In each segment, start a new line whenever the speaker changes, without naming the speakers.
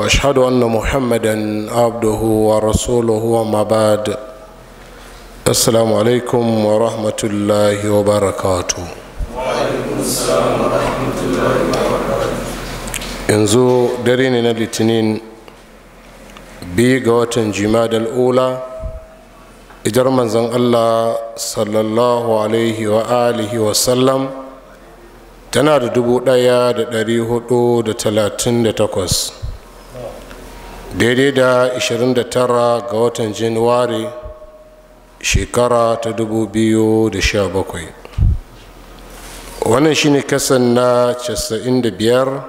واشهد ان محمدا عبده ورسوله وما بعد السلام عليكم ورحمه الله وبركاته وعليكم السلام ورحمه الله وبركاته yanzu dare ne na litinin biyu ga watan jimadal ula ijar manzon allah sallallahu alaihi wa wa sallam tana da dubu ɗaya da ɗari huɗu da talatin da takwas daidai da 29 ga watan januwari shekara ta 2017 wannan shine kasan na 95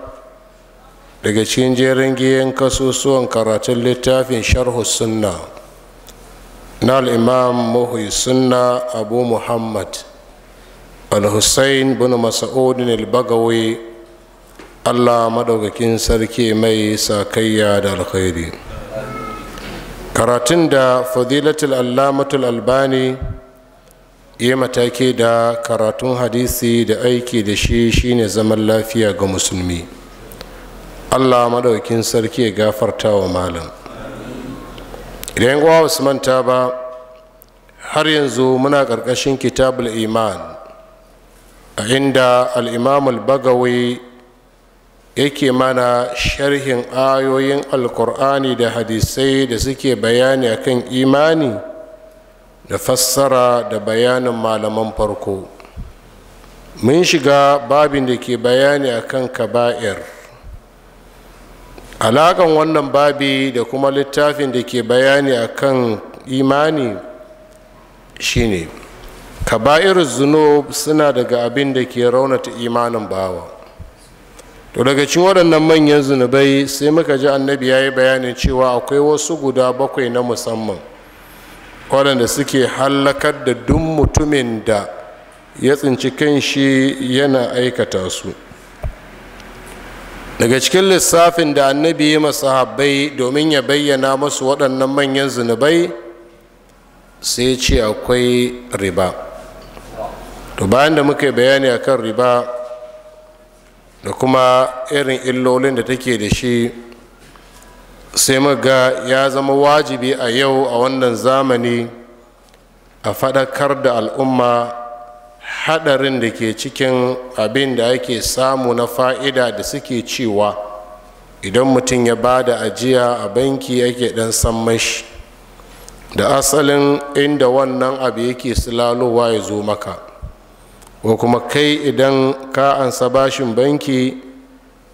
daga cikin jerin giyan kasusuwan karatun littafin sharhu sunna na al'imam mahuyi sunna abu muhammad al-hussein bin masa'udin al bagawai allah maɗaukakin sarki mai sakayya da alkhairi karatun da fadilatul allamatul albani ya mataki da karatun hadisi da aiki da shi shine zaman lafiya ga musulmi allah maɗaukakin sarki ya gafarta wa malam idan uwa usman manta ba har yanzu muna ƙarƙashin kitabul iman a inda al imamul bagawi yake mana sharhin ayoyin alkur'ani da hadisai da suke bayani akan imani da fassara da bayanin malaman farko mun shiga babin da ke bayani akan kaba'ir alaƙan wannan babi da kuma littafin da ke bayani akan imani shine kaba'ir zunub suna daga abin da ke raunata imanin bawa to daga cikin waɗannan manyan zunubai sai muka ji annabi ya yi bayanin cewa akwai wasu guda bakwai na musamman waɗanda suke hallakar da duk mutumin da ya tsinci kan shi yana aikata su daga cikin lissafin da annabi ya masahabbai domin ya bayyana masu waɗannan manyan zunubai sai ce akwai riba to bayan da muka yi bayani akan riba da kuma irin illolin da take da shi sai muga ya zama wajibi a yau a wannan zamani a faɗakar da al'umma haɗarin da ke cikin abin da ake samu na fa'ida da suke cewa idan mutum ya ba da ajiya a banki yake ɗan sammashi shi, da asalin inda wannan abu yake silalowa ya zo maka wa kuma kai idan ka ansa bashin banki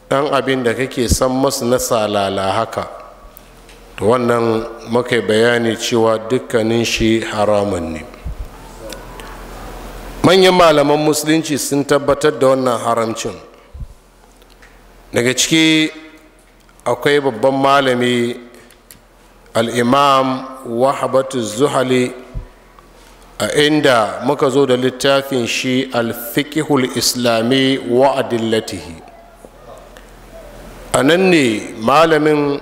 dan abin da kake san masu na salala haka to wannan muka bayani cewa dukkanin shi haramun ne manyan malaman musulunci sun tabbatar da wannan haramcin daga ciki akwai babban malami al'imam wahabatu zuhali a inda muka zo da littafin shi alfikihul islami wa latihi. a nan ne malamin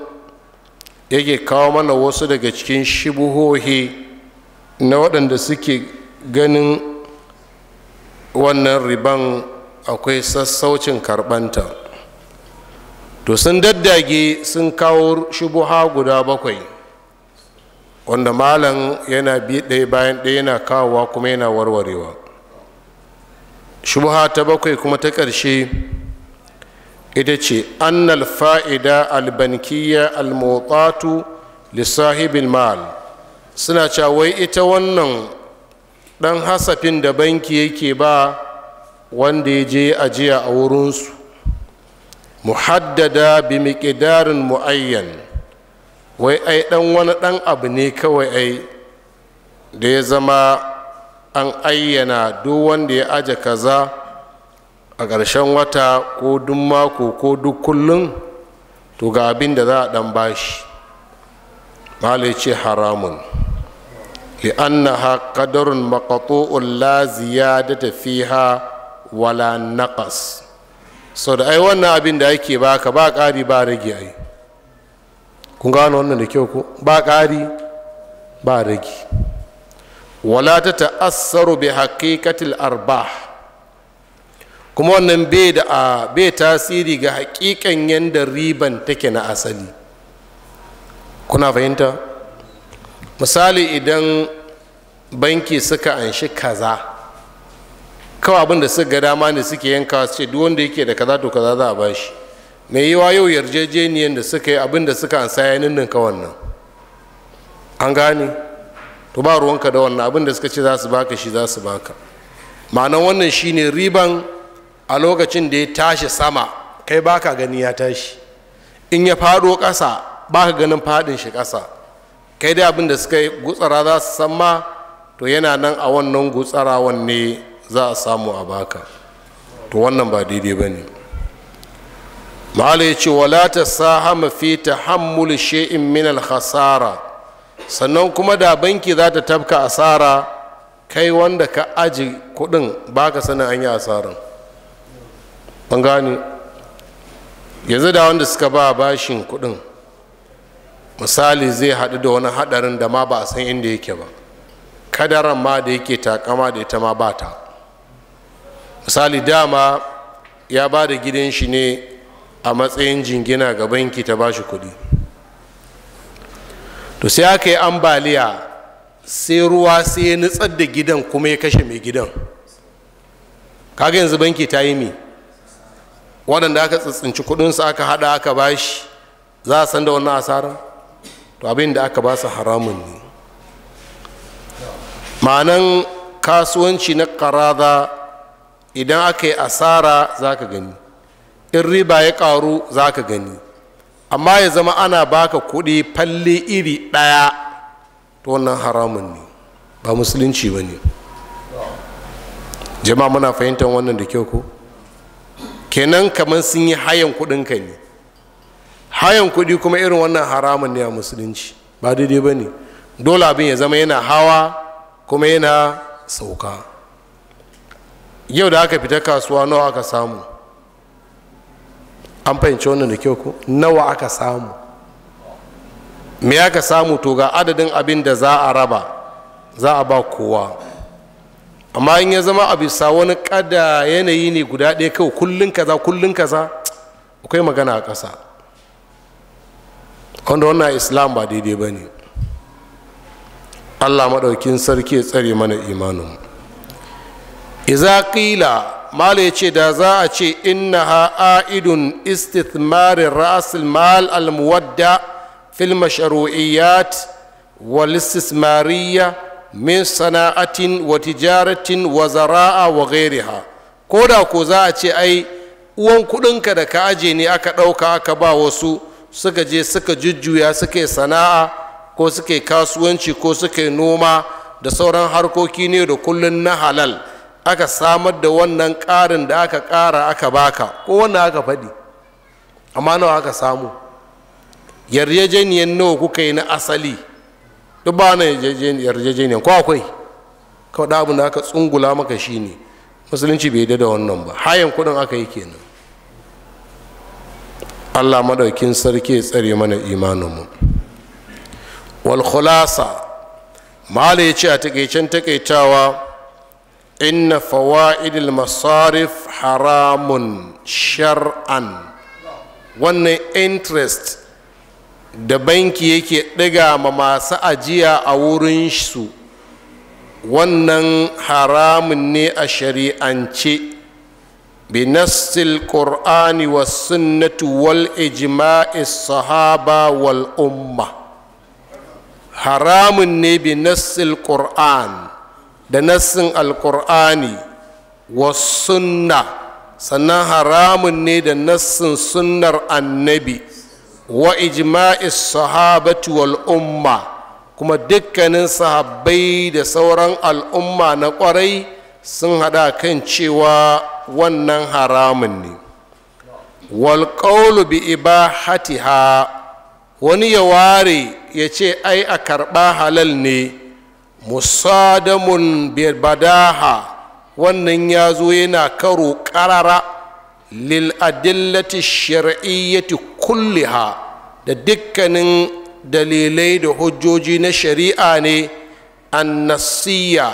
yake kawo mana wasu daga cikin shibuhohi na waɗanda suke ganin wannan riban akwai sassaucin karɓanta to sun daddage sun kawo shubuha guda bakwai wanda malam yana bi ɗaya bayan ɗaya yana kawowa kuma yana warwarewa shubha ta bakwai kuma ta ƙarshe ita ce annal fa'ida albankiya almotsatu lissahibin mal suna cawai ita wannan ɗan hasafin da banki yake ba wanda ya je ajiya a wurinsu muhaddada bi miƙidarin mu'ayyan wai ai dan wani dan abu ne kawai ai da ya zama an ayyana duk wanda ya aje kaza a ƙarshen wata ko duk mako ko duk kullum to ga abin da za a dan bashi malai ce haramun li'annaha qadarun maqtu'un la ziyadata fiha wala naqas so da ai wannan abin da ake baka ba ƙari ba rage ai kun gano wannan da kyau ko ba ƙari ba rage wala ta ta'assaru bi haqiqatil arbah kuma wannan bai da a bai tasiri ga haƙiƙan yanda riban take na asali kuna fahimta misali idan banki suka anshi kaza kawai abin da suka ga dama ne suke yanka su ce duk wanda yake da kaza to kaza za a bashi mai wa yau yarjejeniyar da suka yi abin da suka ansa ya ninninka wannan an gane to ba ruwanka da wannan abin da suka ce za su baka shi za su baka ma'anan wannan shine riban a lokacin da ya tashi sama kai baka gani ya tashi in ya fado ƙasa baka ganin fadin shi kasa kai dai abin da suka yi gutsara za su san ma to yana nan a wannan gutsara wanne za a samu a baka to wannan ba daidai ba ne malai ce wala ta sahama fita tahammul she'in min alhasara sannan kuma da banki za ta tafka asara kai wanda ka aji kudin baka sanin an yi asaran ban gani yanzu da wanda suka ba bashin kudin misali zai haɗu da wani haɗarin da ma ba a san inda yake ba kadaran ma da yake takama da ita ma ba ta misali dama ya ba da gidan shi ne a matsayin jingina ga banki ta bashi kuɗi to sai aka yi ambaliya sai ruwa sai ya nutsar da gidan kuma ya kashe mai gidan kaga yanzu banki ta yi mi waɗanda aka tsitsinci kuɗinsu aka haɗa aka bashi za a san da wannan asara to abin da aka ba su haramun ne ma'anan kasuwanci na ƙarada idan aka yi asara za ka gani in riba ya karu za ka gani amma ya zama ana baka kuɗi falle iri ɗaya ta wannan haramun ne ba musulunci ba ne jama'a muna fahimtar wannan da kyau ko kenan kamar sun yi hayan kuɗinka ne hayan kuɗi kuma irin wannan haramun ne a musulunci ba daidai ba ne dole abin ya zama yana hawa kuma yana sauka yau da aka fita kasuwa nawa aka samu an fahimci wannan da kyau ko nawa aka samu me aka samu to ga adadin abin da za a raba za a ba kowa amma in ya zama a bisa wani kada yanayi ne guda ɗaya kawai kullum kaza kullum kaza akwai magana a ƙasa wanda wannan islam ba daidai ba ne allah maɗaukin sarki ya tsare mana imanin iza ƙila mal ya ce da za a ce inna ha a'idun istithmarin ra'asul mal almuwadda fil sharu'iyyat wal istismariyya min sana'atin wa tijaratin wa zara'a wa ghairiha ko da ko za a ce ai uwan kudinka da ka aje ne aka ɗauka aka ba wasu suka je suka jujjuya suka sana'a ko suka kasuwanci ko suka noma da sauran harkoki ne da kullun na halal aka samar da wannan ƙarin da aka ƙara aka baka ko wannan aka faɗi amma nawa aka samu yarjejeniyar nawa kuka yi na asali duk ba na yarjejeniyar ko akwai kawai da abin da aka tsungula maka shi ne musulunci bai da wannan ba hayan kudin aka yi kenan allah madaukin sarki ya tsare mana imaninmu wal khulasa mala ya ce a takaicen takaitawa inna فوائد masarif haramun shar'an wannan interest da banki yake ɗiga ma masu ajiya a wurin su wannan haramun ne a shari'ance binassil qur'ani wa sunnati wal ijma'i sahaba wal umma haramun ne binassil qur'an. da nassin alkur'ani wa sunna sannan haramun ne da nassin sunnar annabi wa ijma'i sahabati wal umma kuma dukkanin sahabbai da sauran al'umma na kwarai sun hada kan cewa wannan haramun ne wal qawlu bi ibahatiha wani ya ware ya ce ai a karɓa halal ne musadamun badaha wannan ya zo yana karo ƙarara lil adillati shar'iyyati kulliha da dukkanin dalilai da hujjoji na shari'a ne annasiya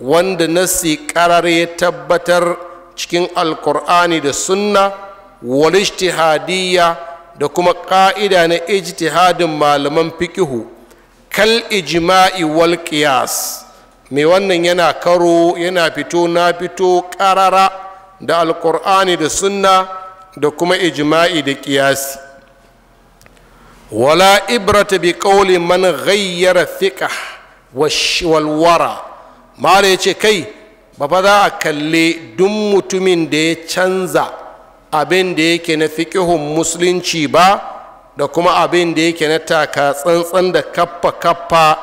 wanda nasi ƙarar ya tabbatar cikin alkur'ani da sunna wal ijtihadiyya da kuma ƙa'ida na ijtihadin malaman fikihu kal ijma'i wal qiyas mai wannan yana karo yana fito na fito karara da alkur'ani da sunna da kuma ijma'i da qiyasi wala ibrata bi qawli man ghayyara fiqh wal wara Mare yace kai ba fa za a kalle duk mutumin da ya canza abin da yake na fiqihun musulunci ba da kuma abin da yake na taka tsantsan da kaffa kaffa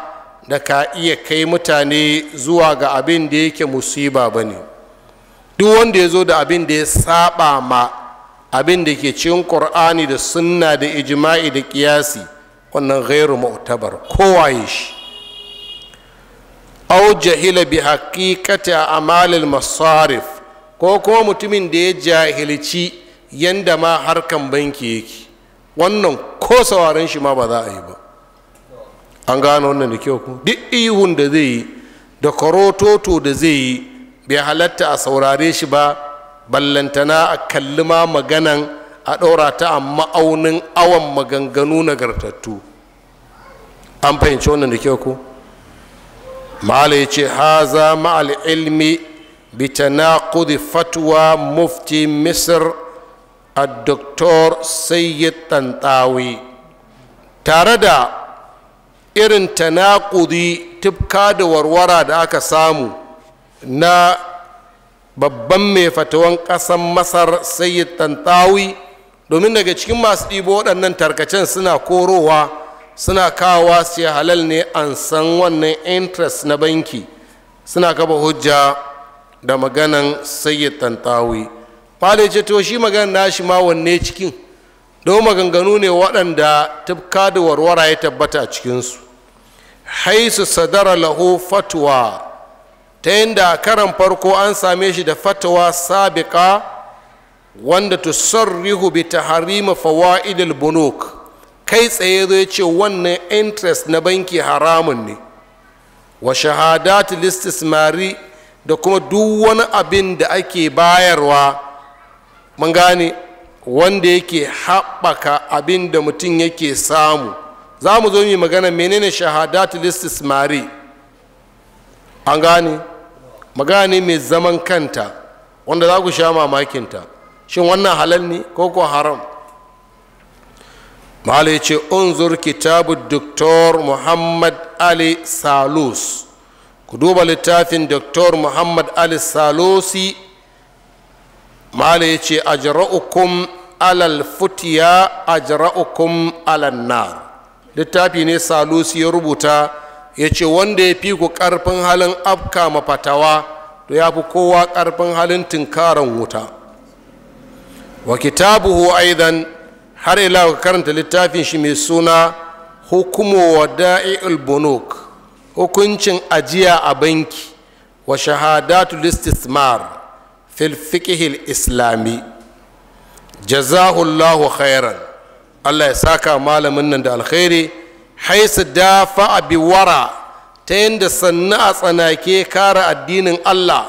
da ka iya kai mutane zuwa ga abin da yake musiba ba ne duk wanda ya zo da abin da ya saba ma abin da ke cikin ƙur'ani da sunna da ijima'i da ƙiyasi wannan gairu mu'tabar kowaye shi au jahila bi haqiqati a'malil masarif ko kuma mutumin da ya jahilci yanda ma harkan banki yake wannan ko sauraron shi ma ba za a yi ba an gano wannan da kyau ku duk ihun da zai yi da korototo da zai yi bai halatta a saurare shi ba ballantana a kalli ma maganan a ɗora ta a ma'aunin awon maganganu nagartattu an fahimci wannan da kyau ku ma'ala ya ce haza ma'al ilmi bi kudi fatwa mufti misir. sayyid tantawi tare da irin tanakudi tufka da warwara da aka samu na babban mai fatawan ƙasan masar sayyid tantawi domin daga cikin masu ɗibo waɗannan tarkacen suna korowa suna kawo su halal ne an san wannan interest na banki suna kaba hujja da maganan sayyid tantawi fale ce to shi magana nashi ma wanne cikin don maganganu ne waɗanda tafka da warwara ya tabbata a cikinsu haisu sadara lahu fatwa ta yadda a karan farko an same shi da fatwa sabiƙa wanda tusarrihu bi ta harima fawaidil bunuk kai tsaye zai ce wannan interest na banki haramun ne wa shahadat mari da kuma duk wani abin da ake bayarwa mun gane wanda yake haɓaka abin da mutum yake samu za mu zo mu magana menene listis mari an gane magana ne mai zaman kanta wanda za ku sha mamakinta shin wannan halal ne ko ko haram mahala ya ce unzur kitabu doktor muhammad ali salus ku duba littafin doktor muhammad ali salusi mala ya ce ajra'ukum alal futiya ajra'ukum alal nar littafi ne salusi ya rubuta ya ce wanda ya fi ku ƙarfin halin afka mafatawa to ya fi kowa karfin halin tunkaran wuta wa kitabuhu aidan har ila ka karanta littafin shi mai suna hukumo wa da'i bunuk hukuncin ajiya a banki wa shahadatul istismar fil islami jazahullahu khairan Allah ya saka malamin nan da alkhairi haisu dafa bi wara ta yadda sannu a tsanake kara addinin Allah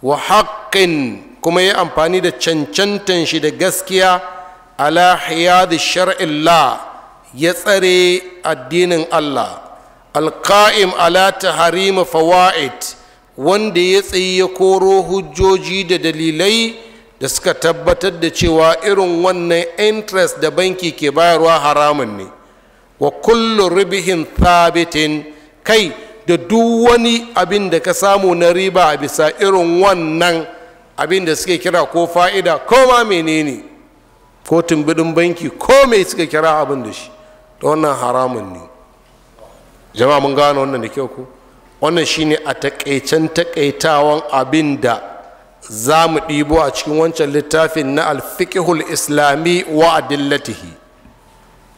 wa haƙƙin kuma ya amfani da cancantan shi da gaskiya ala hiyadi shar'illah ya tsare addinin Allah alƙa'im ala taharima fawa'id wanda ya tsaye ya koro hujjoji da dalilai da suka tabbatar da cewa irin wannan interest da banki ke bayarwa haramun ne wa kullu ribihin thabitin kai da duk wani abin da ka samu na riba a bisa irin wannan abin da suke kira ko fa'ida ko ma menene ko tumbudin banki ko mai suka kira abin da shi da wannan haramun ne jama'a mun gano wannan da kyau ko wannan shine a takaicen takaitawan abin da za mu ɗibo a cikin wancan littafin na alfikihul islami wa adillatihi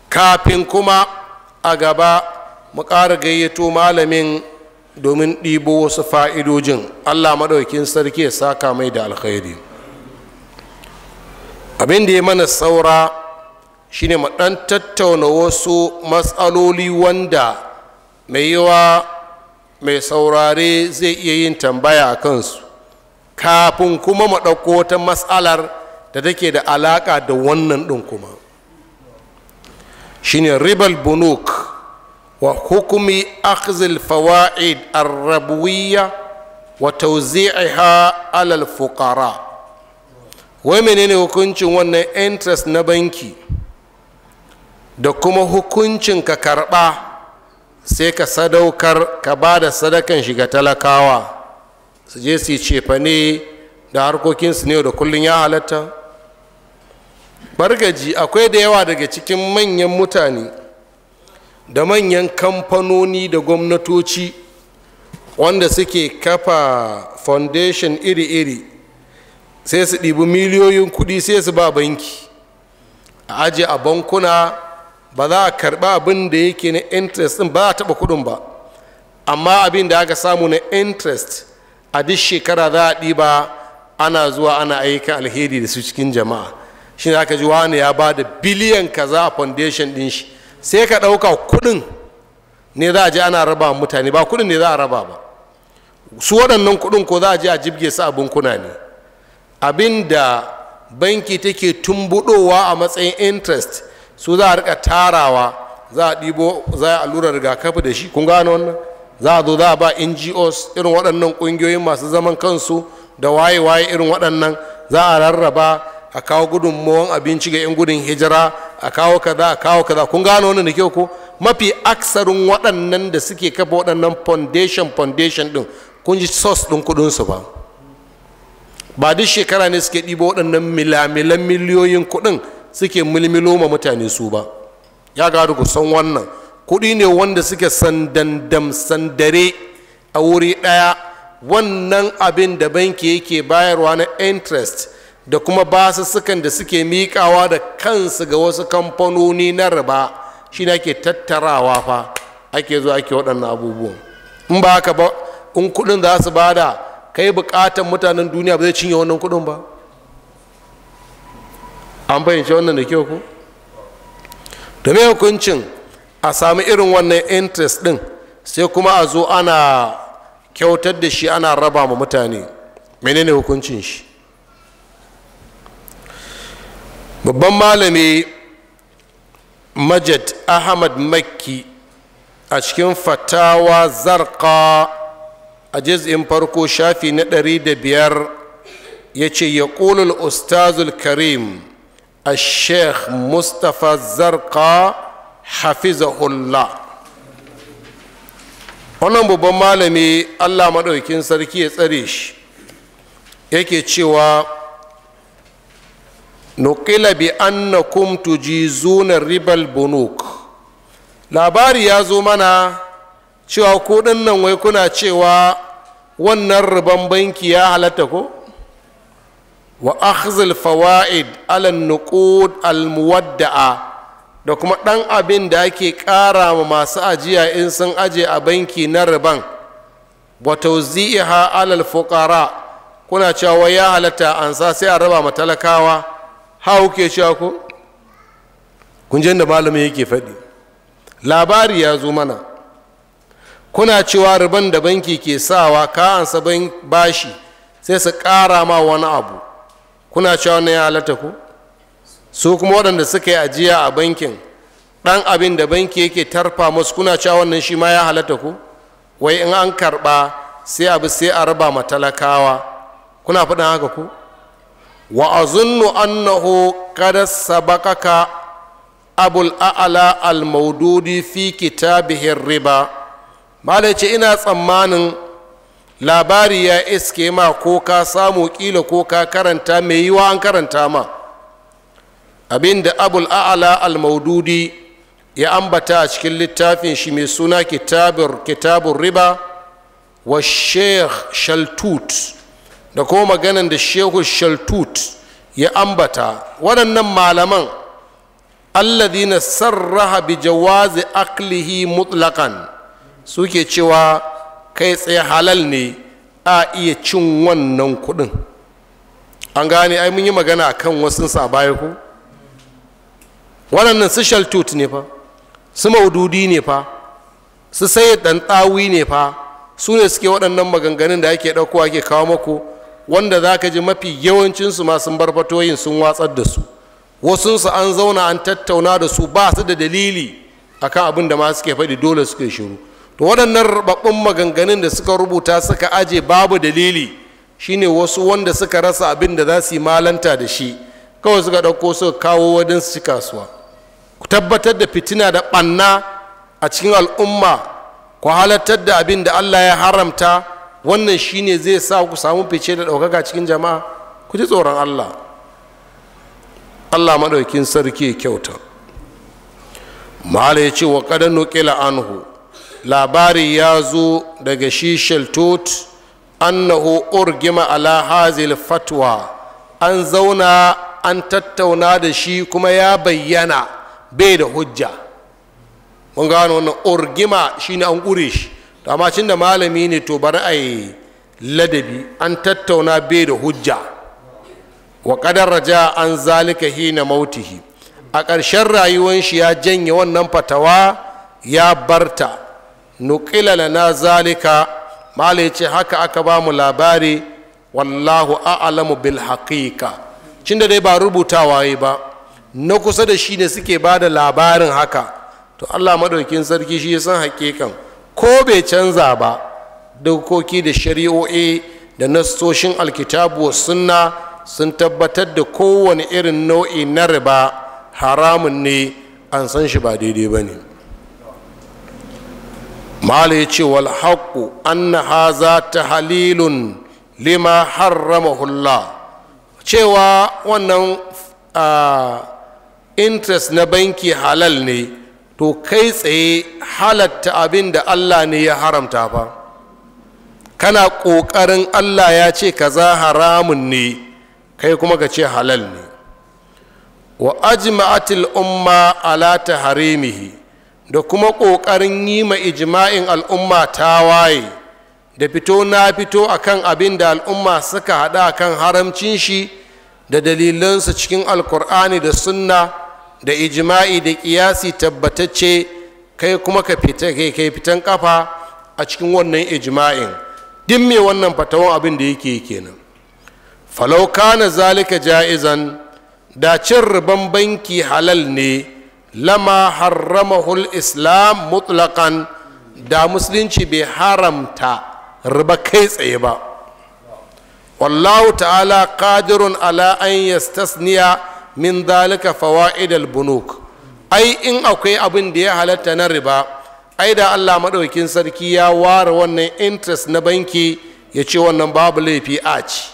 kafin kuma a gaba mu ƙara gayyato malamin domin ɗibo wasu fa'idojin allah maɗaukin sarki ya saka mai da alkhairi abin da ya mana saura shine mu ɗan tattauna wasu matsaloli wanda mai yawa mai saurare zai iya yin tambaya a kansu kafin kuma mu ɗauko wata matsalar da take da alaƙa da wannan ɗin kuma shine ribal bunuk wa hukumi akhzil fawaid arrabuwiya wa tawzi'iha alal fuqara wai menene hukuncin wannan interest na banki da kuma hukuncin ka karɓa sai ka sadaukar ka ba da sadakan shiga talakawa su je su yi cefane da harkokinsu ne da kullum ya halatta bargaji akwai da yawa daga cikin manyan mutane da manyan kamfanoni da gwamnatoci wanda suke kafa foundation iri-iri sai su ɗibi miliyoyin kuɗi sai su ba banki a aje a bankuna ba za a karɓa abin da yake na interest ɗin ba a taɓa kuɗin ba amma abin da aka samu na interest a duk shekara za a ɗiba ana zuwa ana aika alheri da su cikin jama'a shi ne aka ji wani ya ba da biliyan kaza a foundation ɗin shi sai ka ɗauka kuɗin ne za a je ana raba mutane ba kuɗin ne za a raba ba su waɗannan kuɗin ko za a je a jibge su abin kuna ne abin da banki take tumbuɗowa a matsayin interest su za a rika tarawa za a ɗibo za a allurar rigakafi da shi kun gano wannan za a zo za a ba ngos irin waɗannan ƙungiyoyin masu zaman kansu da waye-waye irin waɗannan za a rarraba a kawo gudunmawan abinci ga 'yan gudun hijira a kawo kaza a kawo kaza kun gano wannan da kyau ko mafi aksarin waɗannan da suke kafa waɗannan foundation foundation ɗin kun ji source ɗin kuɗinsu ba ba duk shekara ne suke ɗibo waɗannan milamilan miliyoyin kuɗin suke mulmilo ma mutane su ba ya gado ku san wannan kuɗi ne wanda suke sandandam sandare a wuri ɗaya wannan abin da banki yake bayarwa na interest da kuma sukan da suke mikawa da kansu ga wasu kamfanoni na riba shi ne ake tattarawa fa ake zuwa ake waɗannan abubuwan in ba haka ba in kuɗin za su bada kai buƙatan mutanen duniya ba zai cinye wannan kuɗin ba an fahimci wannan da kyau ku da mai hukuncin a sami irin wannan interest din sai kuma a zo ana kyautar da shi ana raba ma mutane menene hukuncin shi babban malami majid ahmad makki a cikin fatawa zarka a jiz'in farko shafi na ɗari da biyar ya ce ya ƙulul ustazul karim الشيخ مصطفى الزرقاء حفظه الله wannan babban malami allah maɗaukin sarki ya tsare shi yake cewa nukila bi annakum tujizuna ribal bunuk labari ya zo mana cewa ko nan wai kuna cewa wannan riban banki ya halatta ko wa akhzil fawaid ala nuqud al muwadda'a da kuma ɗan abin da ake ƙara ma masu ajiya in sun aje a banki na riban wa tawzi'iha alal fuqara kuna cewa wai ya halatta an sa sai a raba ma talakawa ha kuke cewa ko kun da malamin yake faɗi labari ya zo mana kuna cewa riban da banki ke sawa ka ansa bashi sai su ƙara ma wani abu kuna cewa wannan ya halatta ku su kuma waɗanda suka yi ajiya a bankin ɗan abin da banki yake tarfa musu kuna cewa wannan shi ma ya halatta ku wai in an karɓa sai abu sai a raba ma talakawa kuna faɗin haka ku wa azunnu annahu kada sabakaka abul a'ala al-maududi fi kitabihin riba malai ce ina tsammanin labari ya iske ma ko ka samu kila ko ka karanta mai yiwa an karanta ma abinda abul a'ala al-maududi ya ambata a cikin littafin shi mai suna kitabur kitabur riba wa sheikh shaltut da kuma maganan da shehu shaltut ya ambata waɗannan malaman alladhina sarraha bi jawazi aklihi mutlaqan suke cewa kai tsaye halal ne a iya cin wannan kuɗin an gane ai mun yi magana a kan wasunsu a baya ko waɗannan su shaltut ne fa su maududi ne fa su saye ɗanɗawi ne fa su ne suke waɗannan maganganun da ake ɗauko ake kawo maku wanda za ka ji mafi yawancinsu ma sun barfatoyin sun watsar da su wasunsu an zauna an tattauna da su ba su da dalili akan abin da ma suke faɗi dole suke shiru to waɗannan rubabbun maganganun da suka rubuta suka aje babu dalili shine wasu wanda suka rasa abin da za su yi malanta da shi kawai suka ɗauko suka kawo wajen su ci kasuwa ku tabbatar da fitina da ɓanna a cikin al'umma ku halartar da abin da allah ya haramta wannan shine zai sa ku samu fice da ɗaukaka cikin jama'a ku ji tsoron allah allah maɗaukin sarki ya kyauta mahala ya ce wa ƙadan nukila anhu labari ya zo daga shi sheltot annahu urgima ala hazil fatwa an zauna an tattauna da shi kuma ya bayyana bai da hujja mun gano wannan urgima shine an ƙure shi amma cin da malami ne to bari a yi ladabi an tattauna bai da hujja wa ƙadar raja an zalika hina mautihi a ƙarshen rayuwan shi ya janye wannan fatawa ya barta nuqila na zalika mala ce haka aka ba mu labari wallahu a'lamu bil haqiqa cinda dai ba rubutawa yi ba na kusa da shi ne suke ba da labarin haka to Allah madaukin sarki shi ya san haƙiƙan ko bai canza ba dokoki da shari'o'i da nassoshin alkitabu wa sunna sun tabbatar da kowane irin nau'i na riba haramun ne an san shi ba daidai ba ne mala ya ce wal haqqu za ta halilun lima hulla. cewa wannan interest na banki halal ne to kai tsaye halatta abin da allah ne ya haramta fa kana ƙoƙarin allah ya ce ka za haramun ne kai kuma ka ce halal ne wa ajma'atil umma ala ta harimihi da kuma ƙoƙarin yi ma ijima'in al'umma ta waye da fito na fito akan abin da al'umma suka haɗa a kan haramcin shi da dalilansu cikin alkur'ani da sunna da ijima'i da ƙiyasi tabbatacce kai kuma ka fitan ƙafa a cikin wannan ijima'in? din me wannan fatawan abin da yake kenan Falaukana na zalika ja'izan da cin riban banki halal ne lama harramahul islam mutlaqan da musulunci bai haramta riba kai tsaye ba wallahu ta'ala qadirun ala an yastasniya min dalika fawaid bunuk ai in akwai abin da ya halatta na riba ai da Allah maɗaukin sarki ya ware wannan interest na banki ya ce wannan babu laifi a ci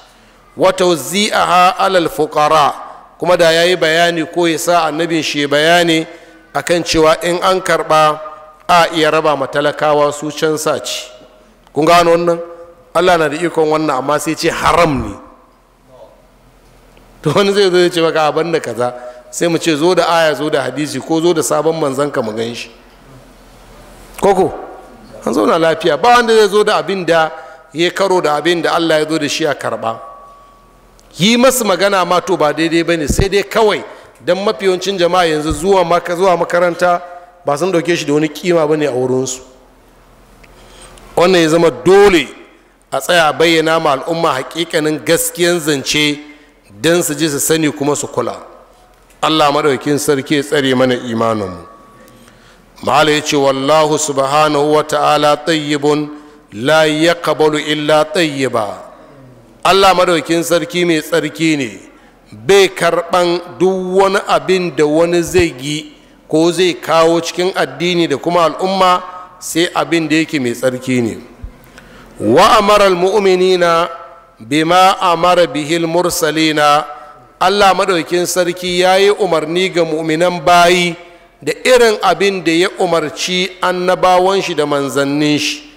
wata zi'aha alal fuqara kuma da ya yi bayani ko ya sa annabin shi bayani a kan cewa in an karɓa a iya raba ma talakawa su can sa ci. kun gano wannan allah na da ikon wannan amma sai ce haram ne to wani zai zo ya ce maka abin da kaza sai mu ce zo da aya zo da hadisi ko zo da sabon manzan ka mu gan shi koko an na lafiya ba wanda zai zo da abin da ya karo da abin da allah ya zo da shi a karɓa yi masu magana ma to ba daidai ba ne sai dai kawai don mafi yawancin jama'a yanzu zuwa makaranta ba sun dauke shi da wani kima ba ne a wurinsu wannan ya zama dole a tsaya bayyana ma al'umma hakikanin gaskiyan zance don su ji su sani kuma su kula allah maɗaukin sarki tsare mana imaninmu mahala ya ce wallahu subhanahu wa ta'ala tayyibun la yaqbalu illa tayyiba allah madaukin sarki mai tsarki ne bai karɓan duk wani abin da wani zai gi ko zai kawo cikin addini da kuma al'umma sai abin da yake mai tsarki ne wa amara almu'minina bima amara bihil mursalina allah madaukin sarki ya yi umarni ga mu'minan bayi da irin abin da ya umarci annabawan shi da manzannin shi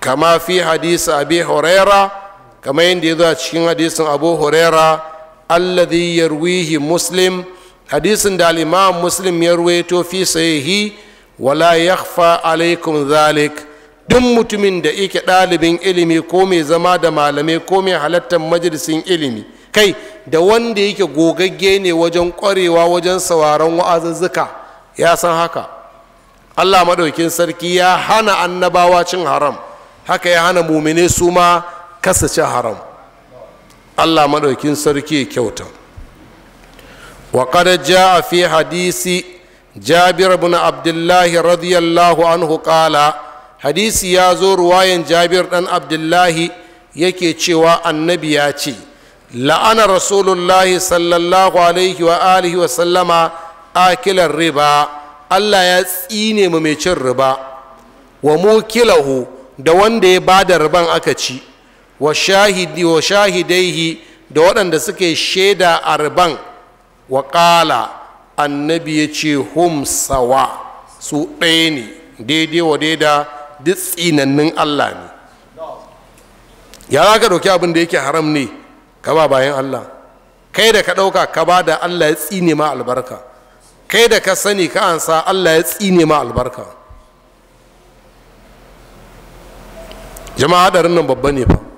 kama fi hadisi abi huraira kamar yadda ya zo a cikin hadisin abu huraira alladhi yarwihi muslim hadisin da al'imam muslim ya ruwaito fi sahihi wala yakhfa alaikum zalik duk mutumin da yake ɗalibin ilimi ko mai zama da malamai ko mai halattar majalisin ilimi kai da wanda yake gogagge ne wajen ƙwarewa wajen sauraron wa'azuzzuka ya san haka allah maɗaukin sarki ya hana annabawa cin haram haka ya hana mumine su ma kasace haram allah maɗaukin sarki kyauta wa kada jaa fi hadisi jabir bin abdullahi radiyallahu anhu ƙala. hadisi ya zo ruwayan jabir ɗan abdullahi yake cewa annabi ya ce la'ana rasulullahi sallallahu alaihi wa alihi wa sallama akilar riba allah ya tsine mu mai cin riba wa mukilahu da wanda ya bada riban aka ci wa shahidi wa shahidaihi da waɗanda suke shaida arban riban wa ƙala annabi ya ce hum sawa su ɗaya ne daidai wa daida duk tsinannin allah ne ya za ka ɗauki abin da yake haram ne ka ba bayan allah kai da ka ɗauka ka ba da allah ya tsine ma albarka kai da ka sani ka ansa allah ya tsine ma albarka jama'a haɗarin nan babba ne fa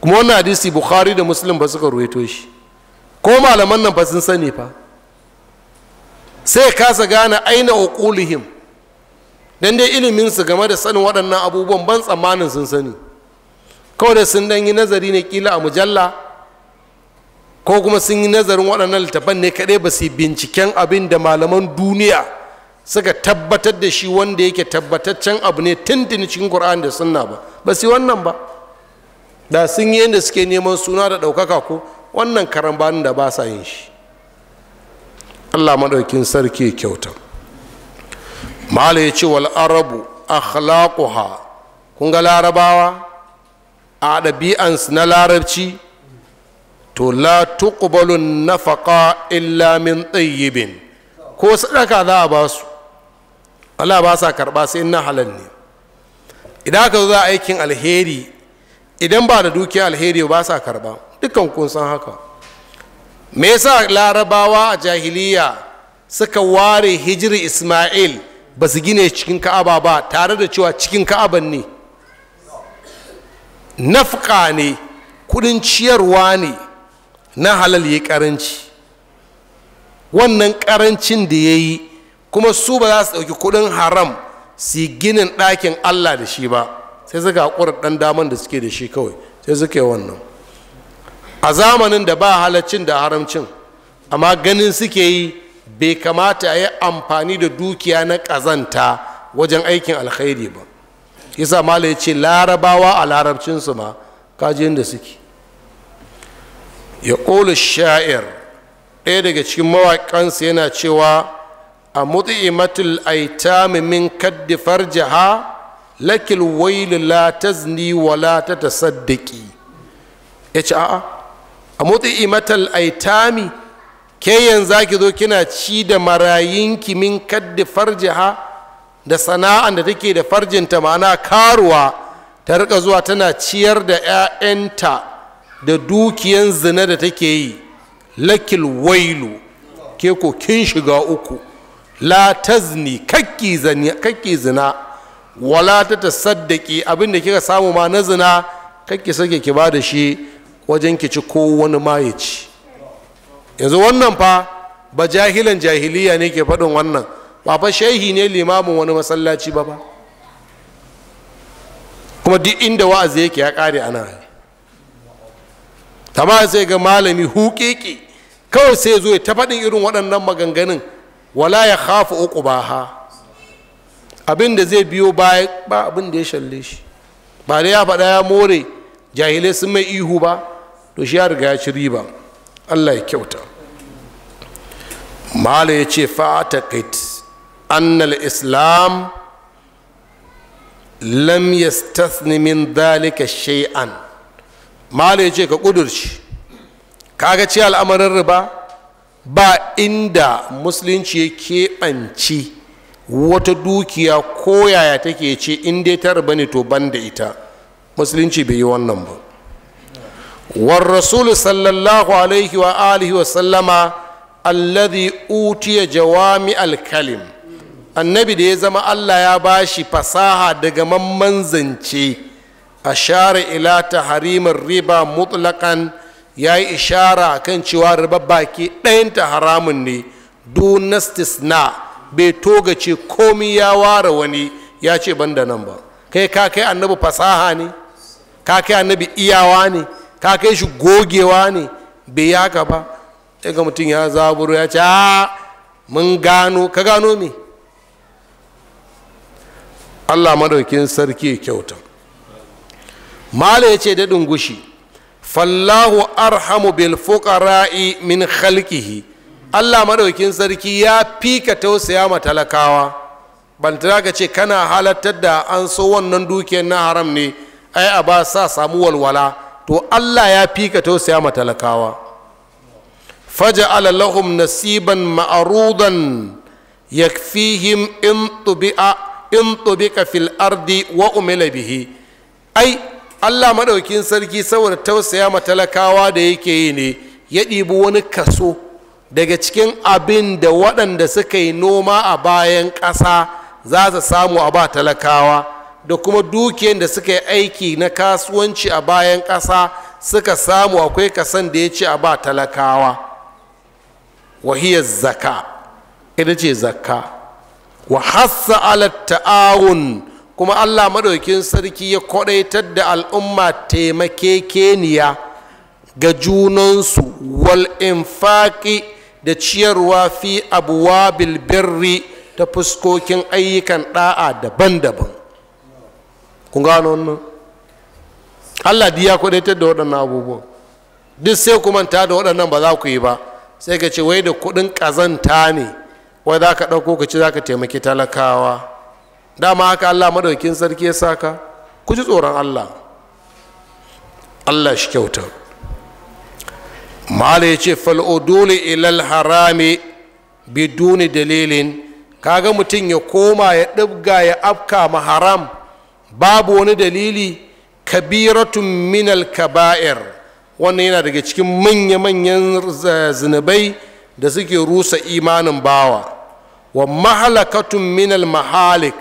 kuma wannan hadisi bukhari da muslim ba suka ruwaito shi ko malaman nan ba sun sani fa sai kasa gane aina uqulihim dan dai ilimin su game da sanin waɗannan abubuwan ban tsammanin sun sani kawai da sun dan yi nazari ne kila a mujalla ko kuma sun yi nazarin waɗannan littafan ne kaɗai ba su binciken abin da malaman duniya suka tabbatar da shi wanda yake tabbataccen abu ne tuntuni cikin ƙur'ani da sunna ba ba su wannan ba da sun yi yadda suke neman suna da ɗaukaka ko wannan karambanin da ba sa yin shi allah maɗaukin sarki kyauta mala ya ce wal arabu akhlaquha kun ga larabawa a ɗabi'ansu na larabci to la tuqbalu nafaqa illa min tayyibin ko sadaka za a ba su Allah ba sa karɓa sai na halal ne idan aka zo za aikin alheri idan ba da dukiya alheri ba sa karba dukkan kun san haka me yasa larabawa a jahiliya suka ware hijiri isma'il ba su gine cikin ka'aba ba tare da cewa cikin ka'aban ne nafka ne kudin ciyarwa ne na halal ya karanci wannan karancin da ya yi kuma su ba za su ɗauki kudin haram su yi ginin ɗakin allah da shi ba sai suka haƙura ɗan daman da suke da shi kawai sai suka yi wannan a zamanin da ba halaccin da haramcin amma ganin suke yi bai kamata a yi amfani da dukiya na ƙazanta wajen aikin alkhairi ba yasa mala ya ce larabawa a larabcinsu ma kaji da suke ya ƙola sha'ir ɗaya daga cikin mawaƙansu yana cewa a mutu imatul aita min kaddi farjaha lakil waili la tazni wa la tatasaddaqi yace a'a a mutsi imatal aitami ke yanzu ki zo kina ci da marayinki min kaddi farjiha da sana'an da take da farjinta ma'ana karuwa ta rika zuwa tana ciyar da 'ya'yanta da dukiyan zina da take yi lakil wailu ke ko kin shiga uku la tazni kakki zina wala ta tasaddaki abin da kika samu ma na zina kakki sake ki ba da shi wajen ki ci ko wani ma ya ci yanzu wannan fa ba jahilan jahiliya ne ke faɗin wannan ba fa shaihi ne limamin wani masallaci ba ba kuma duk inda wa'azi yake ya ƙare ana tama sai ga malami huƙiƙi kawai sai zo ya ta faɗin irin waɗannan maganganun wala ya khafu uku ba abin da zai biyo baya ba abin da ya shalle shi ba da ya faɗa ya more jahilai sun mai ihu ba to shi ya riga ya ci riba allah ya kyauta mala ya ce kait annal islam lam yastathni min dalika shay'an mala ya ce ka ƙudurci kaga ce al'amarin riba ba inda musulunci ya keɓanci wata dukiya ko yaya take ce in dai ta riba ne to ban da ita musulunci bai yi wannan ba war rasul sallallahu alaihi wa alihi wa sallama alladhi utiya jawami alkalim annabi da ya zama allah ya bashi fasaha daga mamman zance a share ila ta riba Mutlaqan ya yi ishara kan cewa riba baki ɗayanta haramun ne dunas na bai togace komi ya ware wani ya ce ban da nan ba kai ka kai annabi fasaha ne ka kai annabi iyawa ne ka kai shi gogewa ne bai yaka ba sai ga mutum ya zaburo ya ce a mun gano ka gano me allah madaukin sarki kyauta mala ya ce daɗin gushi fallahu arhamu bil fuqara'i min khalqihi allah maɗaukin sarki ya fika tausaya ma talakawa banta ka ce kana halattar da an so wannan dukiyar na haram ne ai a ba sa samu walwala to allah ya fika tausaya ma talakawa Faja lahum nasiban ma'arudan yafihim in tubi'a in tubika fil ardi wa umila bihi ai allah maɗaukin sarki saboda tausaya ma talakawa da yake yi ne ya ɗibi wani kaso daga cikin abin da waɗanda suka yi noma a bayan ƙasa za su samu a ba talakawa da kuma dukiyar da suka yi aiki na kasuwanci a bayan ƙasa suka samu akwai kasan da ya ce a ba talakawa wahiyar zaka ita ce zaka. wa hassa ta'awun kuma allah maɗaukin sarki ya kwaɗaitar da al'umma taimakekeniya ga junansu wal infaƙi da ciyarwa fi abuwa bilbirri ta fuskokin ayyukan ɗa'a daban-daban kun gano wannan allah ya kudaitar da waɗannan abubuwan duk sai ku manta da waɗannan ba za ku yi ba sai ka ce wai da kuɗin ƙazanta ne wai za ka ɗauko ka ci za ka taimaki talakawa dama haka allah madaukin sarki ya saka ku ji tsoron allah allah shi kyautar. mala ya ce fal'uduli ilal harami biduni dalilin kaga mutum ya koma ya ɗibga ya afka ma haram babu wani dalili kabiratun minal kaba'ir wannan yana daga cikin manya-manyan eh, zinabai da suke rusa imanin bawa wa mahalakatun minal mahalik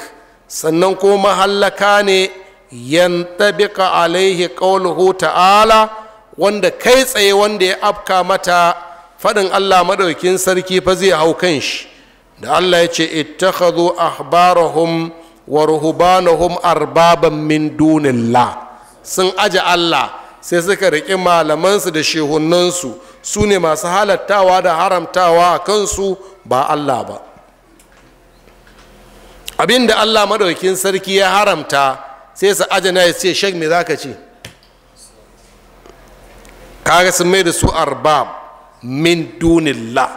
sannan ko mahallaka ne yan alaihi ta'ala wanda kai tsaye wanda ya afka mata faɗin allah maɗaukin sarki fa zai hau kan shi da allah ya ce ittakhadhu ahbarahum wa ruhbanahum arbaban min dunillah sun aje allah sai suka riƙi malamansu da shehunansu su ne masu halattawa da haramtawa a kansu ba allah ba abin da allah maɗaukin sarki ya haramta sai su aje na ya ce shek me za ka ce kaga sun mai da su arba min dunilla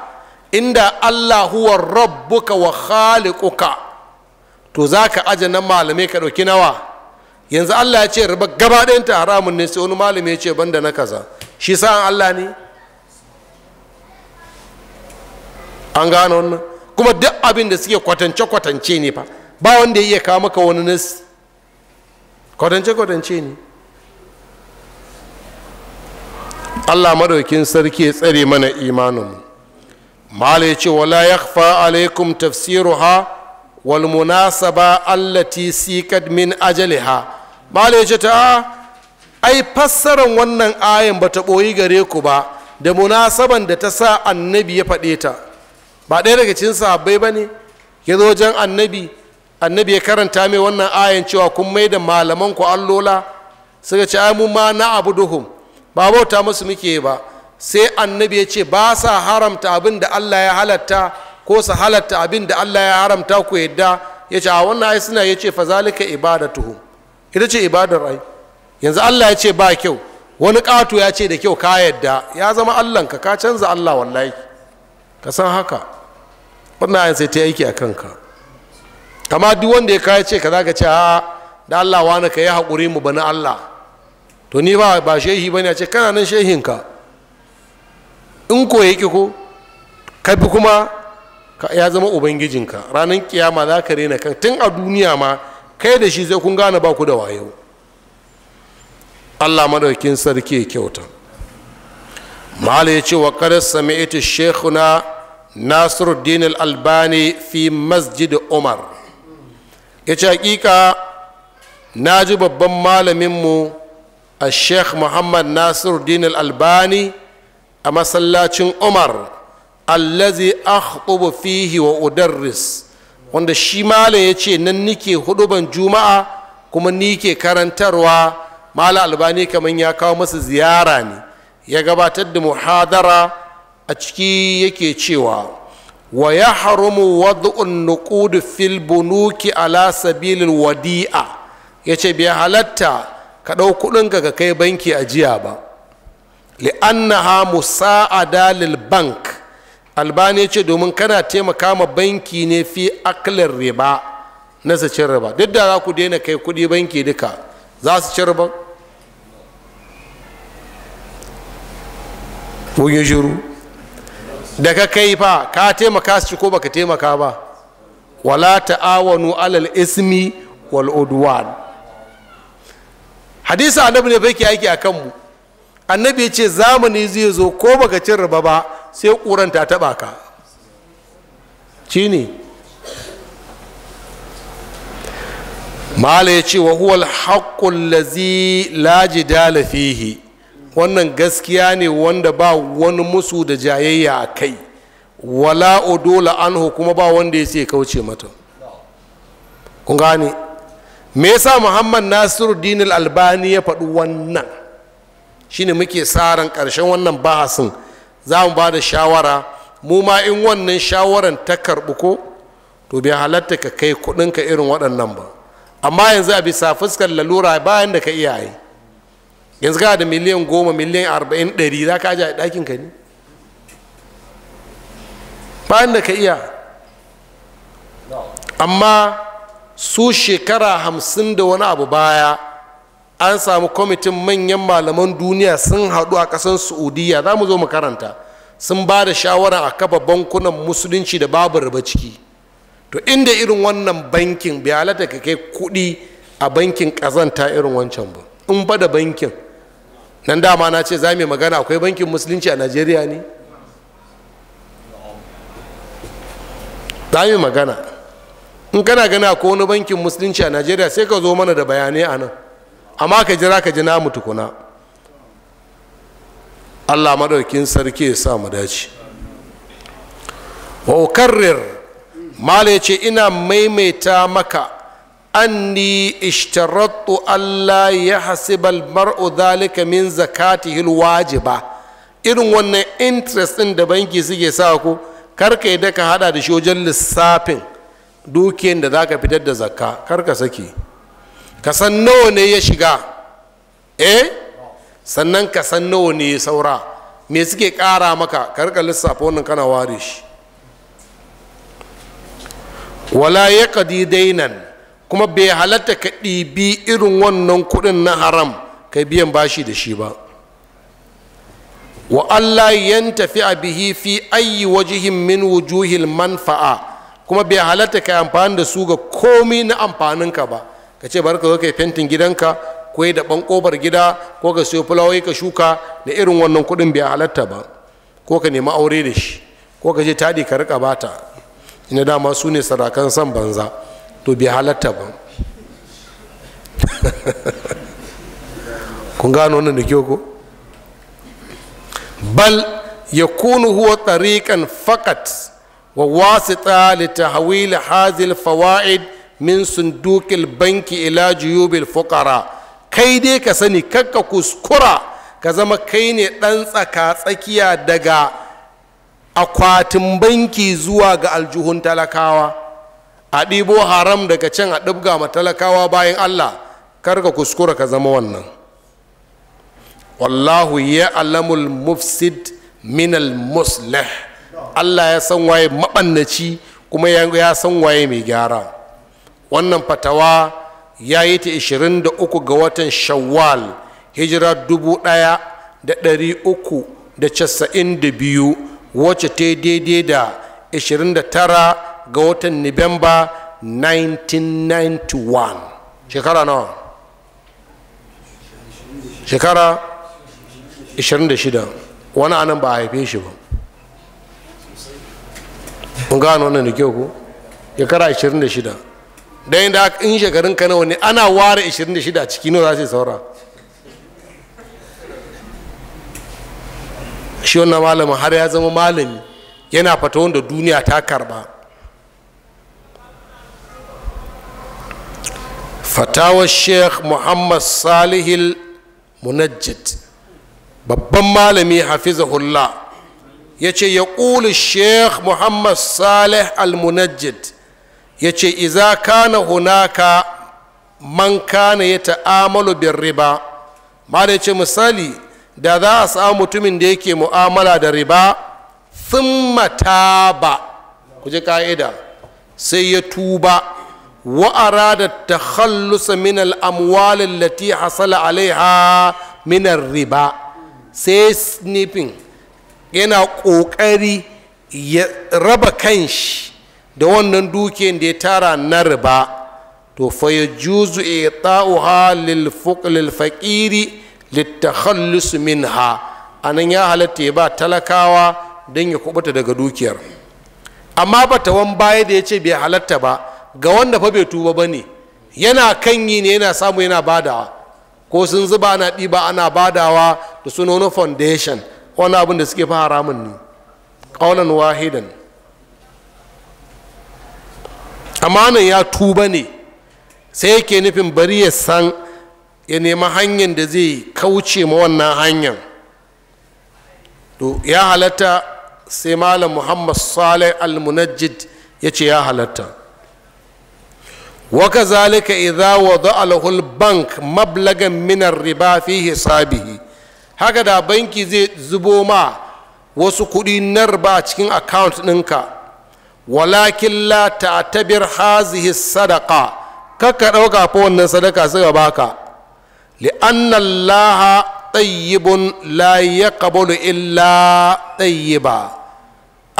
inda allah huwa rabbuka wa khaliquka to za ka aje nan malamai ka ɗauki nawa yanzu allah ya ce riba gaba ɗayan ta haramun ne sai wani malami ya ce banda na kaza shi sa'an allah ne an gano wannan kuma duk abin da suke kwatance-kwatance ne fa ba wanda ya iya kawo maka wani nasi kwatance-kwatance ne allah madaukin sarki ya tsare mana imaninmu mala ya ce wala ya alaikum tafsiruha wal munasaba allati siqat min ajaliha mala ya ce ta ai fassaran wannan ayan bata ta ɓoyi gare ku ba da munasaban da ta sa annabi ya faɗe ta ba ɗaya daga cikin sahabbai ba ne ya zo wajen annabi annabi ya karanta mai wannan ayan cewa kun mai da malaman ku allola suka ce ai mun ma na abuduhum ba bauta musu muke ba sai annabi ya ce ba sa haramta abin da allah ya halatta ko su halatta abin da allah ya haramta ku yadda ya ce a wannan ai suna ya ce fa zalika ibadatuhum ita ce ibadar ai yanzu allah ya ce ba kyau wani ƙato ya ce da kyau ka yadda ya zama allanka ka canza allah wallahi ka san haka wannan ayan sai ta aiki a kanka kama duk wanda ya kaya ce ka za ka ce a da allah wani ka yi haƙuri mu bani allah to ni ba ba shehi bane a ce kana nan shehinka in ko yake ko ka bi kuma ya zama ubangijin ka. ranar kiyama za ka rena kan tun a duniya ma kai da shi sai kun gane ba ku da wayo allah madaukin sarki ya kyauta mala ya ce wa kada ita shekuna nasiruddin al-albani fi masjid umar ya ce hakika na ji babban malaminmu a sheikh muhammad nasiruddin albani a masallacin umar allazi akhtubu fihi udarris wanda shi malam ya ce nan nike ban juma'a kuma ke karantarwa malam albani kamar ya kawo masa ziyara ne ya gabatar da muhadara a ciki yake cewa wa ya harumu wadu'un fil bunuki ala wadi'a yace bai ka ɗau kuɗin ka kai banki ajiya ba li'annaha musa'ada lil bank albani ce domin kana taimaka ma banki ne fi aklin riba na su cin riba duk da za ku daina kai kuɗi banki duka za su ci riba kun shiru da ka kai fa ka taimaka su ci ko baka taimaka ba wala ta'awanu alal ismi wal udwan hadisi annabi ne bai ke aiki a kanmu annabi ya ce zamani zai zo ko baka cin riba ba sai ƙuran ta taɓa ka shi ne mala ya ce wa huwal haƙƙun lazi laji dalafihi wannan gaskiya ne wanda ba wani musu da jayayya a kai wala odola anhu kuma ba wanda ya ce kauce mata kun gane me yasa muhammad nasiruddin albani ya faɗi wannan shine muke tsarin ƙarshen wannan bahasin za mu ba da shawara mu ma in wannan shawaran ta karɓi ko to bai halatta ka kai kuɗinka irin waɗannan ba amma yanzu a bisa fuskar lalura bayan da ka iya yanzu ka da miliyan goma miliyan arba'in ɗari za ka aje a ɗakin ka ne bayan da ka iya amma su shekara hamsin da wani abu baya an samu kwamitin manyan malaman duniya sun haɗu a ƙasar saudiya za mu zo mu karanta sun ba da shawara a kafa bankunan musulunci da babu raba ciki to inda irin wannan bankin bai halatta ka kai kuɗi a bankin ƙazanta irin wancan ba in ba da bankin nan dama na ce za mu magana akwai bankin musulunci a najeriya ne za mu magana in kana gana ko wani bankin musulunci a najeriya sai ka zo mana da bayanai a nan amma ka jira ka ji namu tukuna allah maɗaukin sarki ya sa mu dace wa ukarrir mala ya ce ina maimaita maka أني اشترطت ya يحسب المرء min zakati زكاته wajiba irin wannan interest din da banki suke sa ku karka yi daka hada da shi lissafin dukiyar da za ka fitar da zakka kar ka sake ka san nawa ne ya shiga eh sannan ka san nawa ne ya saura me suke kara maka ka lissafa wannan kana ware shi wala ya dainan kuma bai halatta ka ɗibi irin wannan kuɗin na haram Ka biyan bashi da shi ba wa Allah yan tafi a bihi fi ayi wajihin min wujuhil manfa'a kuma bai halatta ka amfani da su ga komi na amfaninka ba ka ce bari ka zo ka fentin gidanka ko yi da ƙofar gida ko ka siyo fulawai ka shuka da irin wannan kuɗin bai halatta ba ko ka nemi aure da shi ko ka je tadi ka riƙa bata ina dama su ne sarakan san banza to bai halatta ba kun gano wannan da kyau ko bal yakunu huwa tariqan faqat wa wasita li tahwil hazil fawaid min sundukin banki ila juyubil fuqara kai dai ka sani kakka kuskura ka zama kai ne ɗan tsaka tsakiya daga akwatin banki zuwa ga aljuhun talakawa a ɗibo haram daga can a ɗibga ma talakawa bayan allah kar ka kuskura ka zama wannan wallahu ya alamul mufsid minal musleh. allah ya san waye maɓannaci kuma ya san waye mai gyara wannan fatawa ya yi ta 23 ga watan shawwal hijira 1392 wacce ta yi daidai da 29 ga watan Nibemba 1991 shekara nawa shekara 26 wani anan ba a haife shi ba kun gano wannan da kyau ku shekara 26 dan inda in shekarun ka nawa ne ana ware 26 ciki nawa za su saura shi wannan malamin har ya zama malami yana fata wanda duniya ta karba fatawar sheikh muhammad salihil munajjid babban malami hafizahullah ya ce ya ƙulu sheikh muhammad salih al-munajjid ya ce iza kana hunaka man kana ya ta'amalu bin riba ma da ya ce misali da za a samu mutumin da yake mu'amala da riba sun ba ku ji ka'ida sai ya tuba wa'ara da ta hallusa min al'amwalin lati hasala alaiha minar riba sai snipping. yana ƙoƙari ya raba kanshi da wannan dukiyar da ya tara na riba to fa ya juzu ita'uha lil min littakhallus A nan ya halatta ya ba talakawa don ya kubuta daga dukiyar amma wani baya da ya ce bai halatta ba ga wanda fa bai tuba ba ne yana kan yi ne yana samu yana badawa ko sun zuba ana ɗiba ana badawa da sunono foundation wani abin da suke fa haramun ne ƙaunan wahidan amanan ya tuba ne sai yake nufin bari ya san ya nemi hanyar da zai kauce ma wannan hanyar to ya halatta sai malam muhammad salih al-munajjid ya ce ya halatta waka zalika idza wada alhul bank mablagan minar riba fi hisabihi haka da banki zai zubo ma wasu kuɗi ba cikin account ɗinka walakin la ta'tabir hazihi sadaqa kakka ɗauka fa wannan sadaka suka baka li'anna allaha tayyibun la yaqbalu illa tayyiba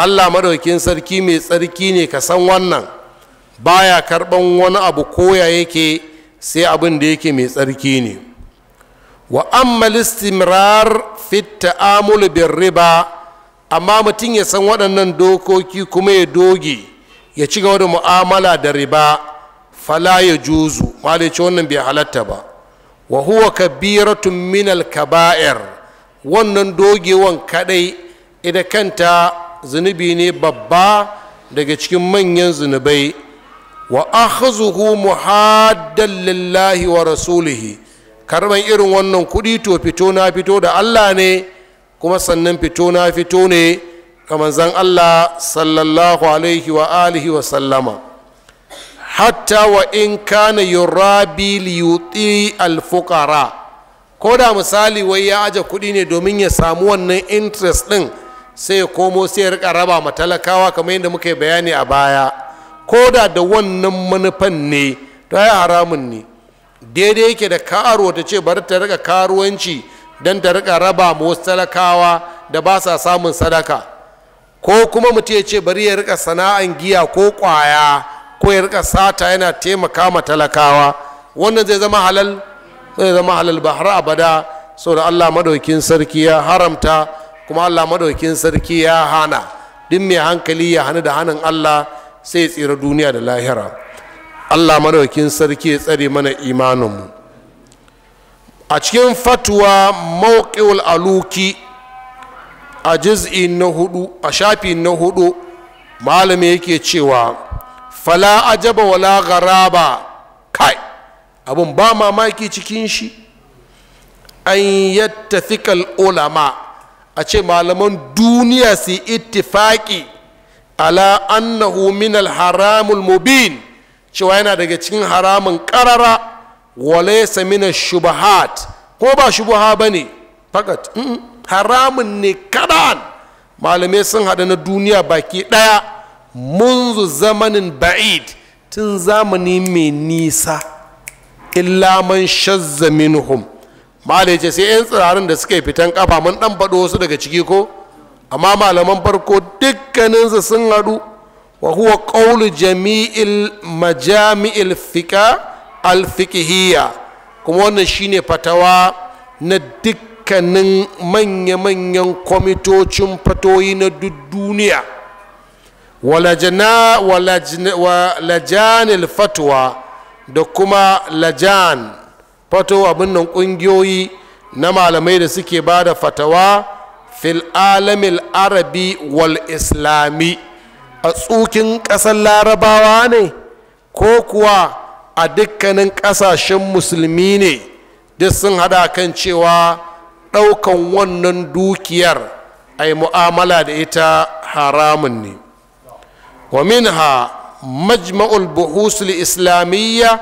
allah madaukin sarki mai tsarki ne ka san wannan baya karɓan wani abu koya yake sai abin da yake mai tsarki ne wa ammal istimrar fi bir riba amma mutum ya san waɗannan dokoki kuma ya doge ya ci gaba da mu'amala da riba fala ya juzu malice wannan bai halatta ba wa huwa kabiratun min kaba'ir wannan dogewan kadai ida kanta zunubi ne babba daga cikin manyan zunubai wa akhazuhu muhaddan lillahi wa rasulihi karban irin wannan kuɗi to fito na fito da allah ne kuma sannan fito na fito ne ga allah sallallahu alaihi wa alihi wa sallama hatta wa in kana yurabi liyuti alfukara ko da misali wai ya aje kuɗi ne domin ya samu wannan interest ɗin sai ya komo sai ya rika raba ma talakawa kamar yadda muka bayani a baya ko da da wannan manufan ne to ya haramun ne daidai yake da karo ta ce bari ta rika karuwanci don ta rika raba ma wasu talakawa da ba sa samun sadaka ko kuma mutum ya ce bari ya rika sana'an giya ko kwaya ko ya rika sata yana taimaka ma talakawa wannan zai zama halal zai zama halal ba har abada saboda allah madaukin sarki ya haramta kuma allah madaukin sarki ya hana duk mai hankali ya hana da hannun allah sai ya tsira duniya da lahira allah maraukin sarki ya tsare mana imaninmu a cikin fatuwa mawqi'ul aluki a juz'i na hudu a shafi na hudu malami yake cewa fala ajaba wala garaba kai abin ba mamaki cikin shi an yattafikal ulama a ce malaman duniya su ittifaki ala annahu min haramul mubin cewa yana daga cikin haramun karara wale samina shubahat ko ba shubaha ba ne fakat haramun ne kadan malamai sun hada na duniya baki ɗaya. munzu zamanin ba'id tun zamani mai nisa illa man shazza minhum malai ce sai 'yan tsirarin da suka fitan kafa mun dan faɗo wasu daga ciki ko amma malaman farko dukkaninsu sun haɗu wa huwa qawlu jami'in majami'in fiqa al fiqhiyya kuma wannan shine fatawa na dukkanin manya-manyan kwamitocin fatoyi na duk duniya wa lajanil fatwa da kuma lajan fato abin nan ƙungiyoyi na malamai da suke ba da fatawa fil alamil arabi wal islami a tsukin ƙasar larabawa ne ko kuwa a dukkanin ƙasashen musulmi ne duk sun hada kan cewa ɗaukan wannan dukiyar a yi mu'amala da ita haramun ne wa minha majma'ul buhusul islamiyya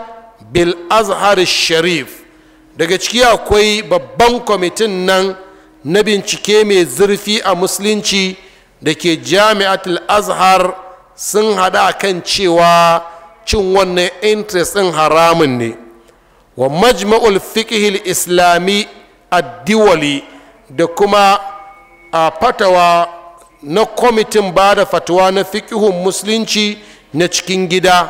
bil azhar sharif daga ciki akwai babban kwamitin nan na bincike mai zurfi a musulunci da ke jami'atul azhar sun hada kan cewa cin wannan interest ɗin haramun ne wa majma'ul fiqhil islami addiwali da kuma a fatawa na kwamitin ba da fatawa na fiƙihun musulunci na cikin gida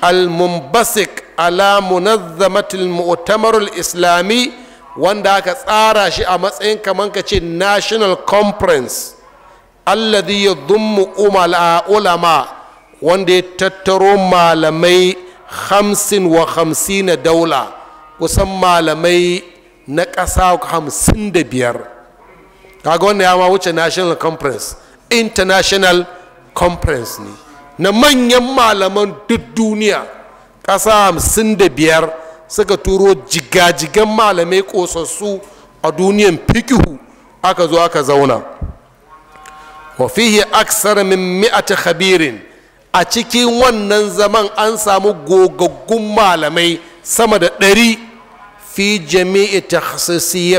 al-mumbasik ala munazzamatul mu'tamarul islami wanda aka tsara shi a matsayin kamar ka ce national conference alladhi yadhummu umala ulama wanda ya tattaro malamai hamsin wa na daula kusan malamai na ƙasa hamsin da biyar kaga wanda ya ma wuce national conference international conference ne na manyan malaman duk duniya ƙasa hamsin da biyar suka turo jigajigan malamai ƙosassu a duniyan fikihu aka zo aka zauna wa fihi aksara min mi'ati khabirin a cikin wannan zaman an samu gogaggun malamai sama da ɗari fi jami'i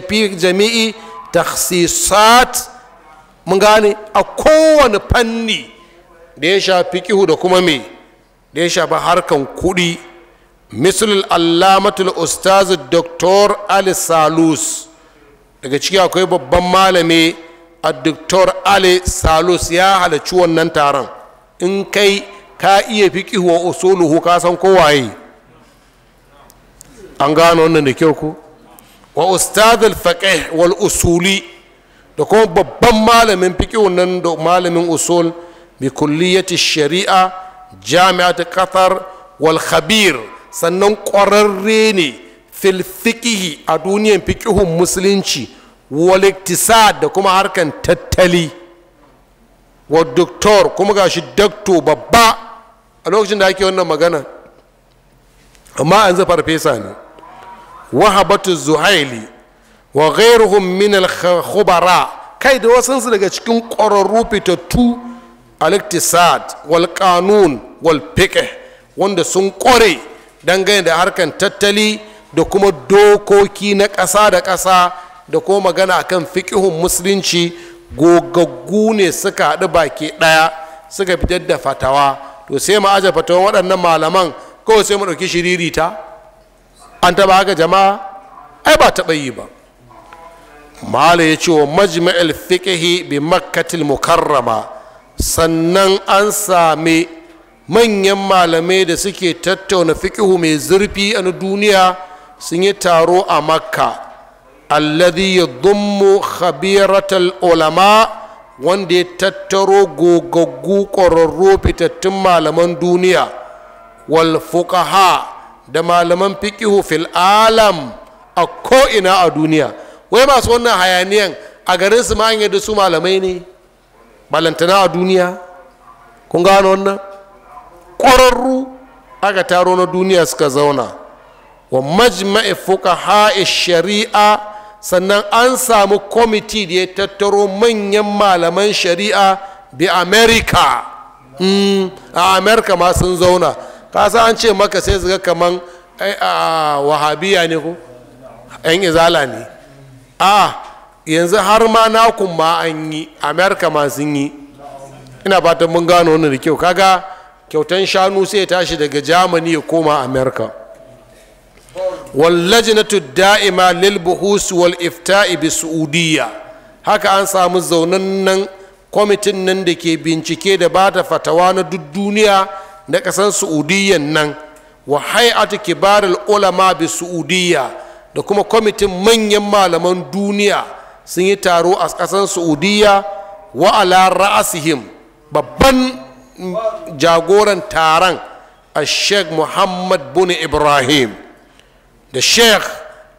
fi jami'i takhsisat mun gane a kowane fanni da ya shafi kihu da kuma me da ya shafi harkan kuɗi misalul allamatul ustaz doktor ali salus daga ciki akwai babban malami a doktor ali salus ya halarci wannan taron in kai ka iya fi wa usuluhu ka kowaye an gano wannan da kyau ku wa ustadul faqih wal usuli da kuma babban malamin fiƙi nan da malamin usul bi kulliyati shari'a jami'at qatar wal khabir sannan ƙwararre ne fil fiƙihi a duniyar fiƙihun musulunci waliktisad da kuma harkan tattali wa doktor kuma gashi dakto babba a lokacin da ake wannan magana amma an zafar farfesa ne wahabatu zuhaili wa ghairuhum min al kai da wasan su daga cikin ƙwararru fitattu al-iktisad wal qanun wanda sun ƙware dangane da harkan tattali da kuma dokoki na ƙasa da ƙasa da ko magana akan fiƙihun musulunci gogaggu ne suka haɗu baki ɗaya suka fitar da fatawa to sai mu aje fatawan waɗannan malaman kawai sai mu ɗauki shiririta an taɓa haka jama'a ai ba taɓa yi ba mala ya ce wa majma'il fiƙihi bi makkatil mukarrama sannan an sami manyan malamai da suke tattauna fiƙihu mai zurfi a duniya sun yi taro a makka alladhi yadhummu khabiratal ulama wanda ya tattaro gogaggu ƙwararru fitattun malaman duniya wal fuqaha da malaman fiqihu fil alam a ko'ina a duniya wai masu wannan hayaniyan a garin su ma da su malamai ne balantana a duniya kun gano wannan ƙwararru aka taro na duniya suka zauna wa majma'i fuqaha shari'a sannan an samu kwamiti da ya tattaro manyan malaman shari'a da Amerika. Hmm, a Amerika ma sun zauna kasa an ce maka sai su ga kaman eh, wahabiya ne ko yan izala ne a yanzu har ma nakun ma an yi Amerika ma sun yi ina fata mun gano wani da kyau kaga kyautan shanu sai ya tashi daga Jamani ya koma amerika wallajinatu da'ima lil wal ifta'i bi su'udiyya haka an samu zaunan nan kwamitin nan da ke bincike da ba ta fatawa na duk duniya na kasan su'udiyyan nan wa hay'atu kibarul ulama bi su'udiyya da kuma kwamitin manyan malaman duniya sun yi taro a kasan su'udiyya wa ala ra'asihim babban jagoran taron a sheikh muhammad bin ibrahim da sheikh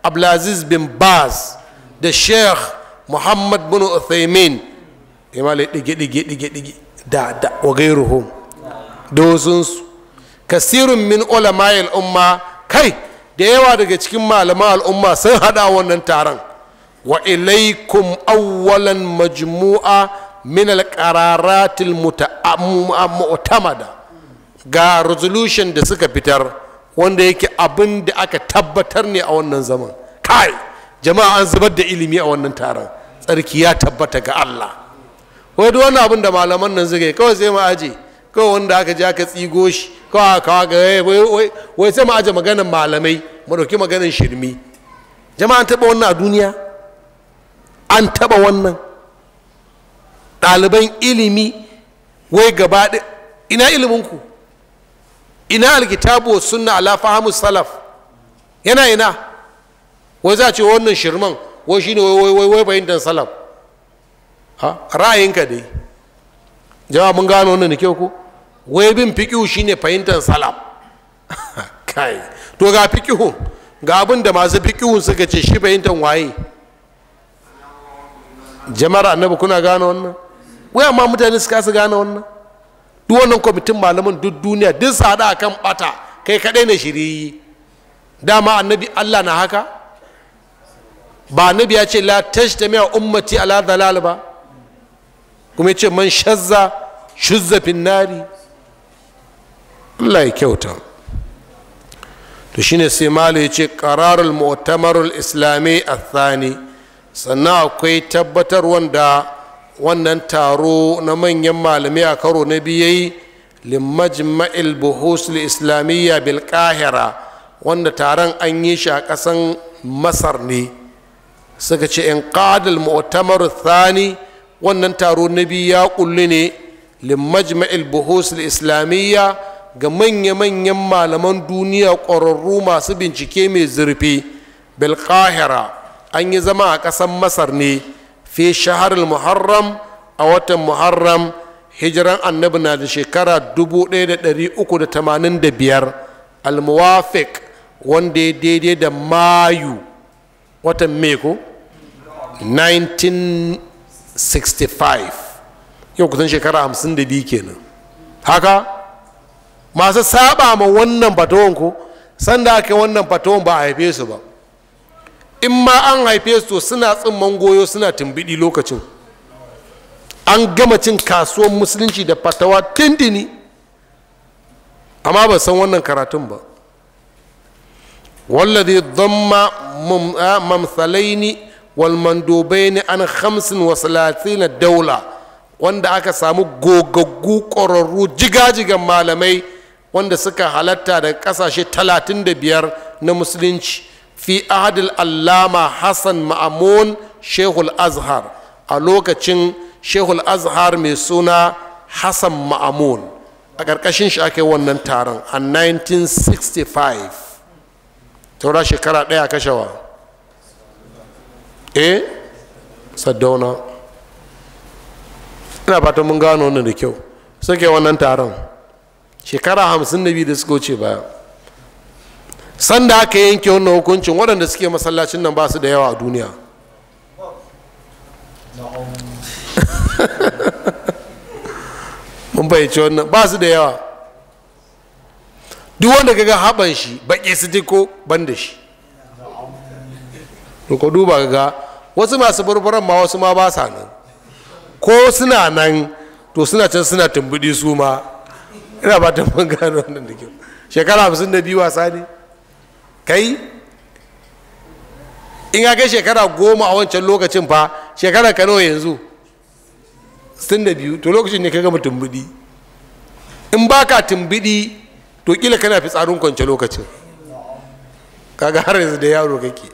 abdulaziz bin baz da sheikh muhammad bin uthaymin imala dige dige dige dige da da wagairuhum da wasunsu kasirun min ulama'il umma kai da yawa daga cikin malaman al'umma sun hada wannan taron wa ilaikum awwalan majmu'a min alqararatil mu'tamada ga resolution da suka fitar wanda yake abin da aka tabbatar ne a wannan zaman kai jama'a an zubar da ilimi a wannan taron tsarki ya tabbata ga Allah wai duk wani abin da malaman nan suka kawai sai mu aje kawai wanda aka je aka tsigo shi kawai kawai ga wai sai mu aje maganar malamai mu dauki maganar shirmi jama'a an taba wannan a duniya an taba wannan ɗaliban ilimi wai gaba ina iliminku ina alkitabu wa sunna ala fahimu salaf yana ina wai za a ce wannan shirman wai shine wai wai wai fahimtar salaf ha ra'ayinka dai jama'a mun gano wannan da ku wai bin fiƙihu shine fahimtar salaf kai to ga fiƙihu, ga abin da masu fiqihu suka ce shi fahimtar waye jama'ar annabi kuna gano wannan wai amma mutane su su gano wannan duk wannan kwamitin malaman duk duniya duk su haɗa akan bata kai kadai na shiriyi dama annabi allah na haka ba annabi ya ce la mewa ummati ala dalal ba kuma ce man shazza shuzza nari allah ya kyauta to shine sai malu ya ce mutamarar mu'tamarul a athani sannan akwai tabbatar wanda wannan taro na manyan malamai a karo na biyayi limajma'il buhus islamiyya bil wanda taron an yi shi a kasan masar ne suka ce in qadal mu'tamar thani wannan taro na biyu ya kulli ne limajma'il buhus islamiyya ga manya-manyan malaman duniya ƙwararru masu bincike mai zurfi bil an yi zama a kasan masar ne fi shaharul muharram a watan muharram hijiran annabi na da shekara 1385 almuwafiq wanda ya daidai da mayu watan meko 1965 yau kusan shekara 52 kenan haka masu saba ma wannan fatawan ku sanda ake wannan fatawan ba a haife su ba in ma an haife su suna tsimman goyo suna tumbidi lokacin an gama cin kasuwan musulunci da fatawa tindini amma ba san wannan karatun ba والذي ضم ممثلين an hamsin خمس na Daula wanda aka samu gogaggu ƙwararru jigajigan malamai wanda suka halatta da ƙasashe 35 na musulunci fi ahadil allama hassan ma'amun shehul azhar a lokacin shehul azhar mai suna hassan ma'amun a ƙarƙashin shi ake wannan taron a 1965 taura shekara ɗaya kashewa eh saddauna ina fata mun gano wannan da kyau suke wannan taron shekara 52 da suka wuce baya sanda aka yanke wannan hukuncin waɗanda suke masallacin nan ba su da yawa a duniya mun fahimci wannan ba su da yawa duk wanda kaga haɓan shi baƙi su ko ban da shi ko duba ga wasu masu barbaran ma wasu ma ba sa nan ko suna nan to suna can suna tumbuɗi su ma ina ba ta gano wannan da kyau shekara hamsin da biyu wasa ne kai in ya kai shekara goma a wancan lokacin fa shekara ka nawa yanzu 62 to lokacin ne ka gama tumbiɗi in ba ka to kila kana fi tsarin kwance lokacin kaga har yanzu da yaro kake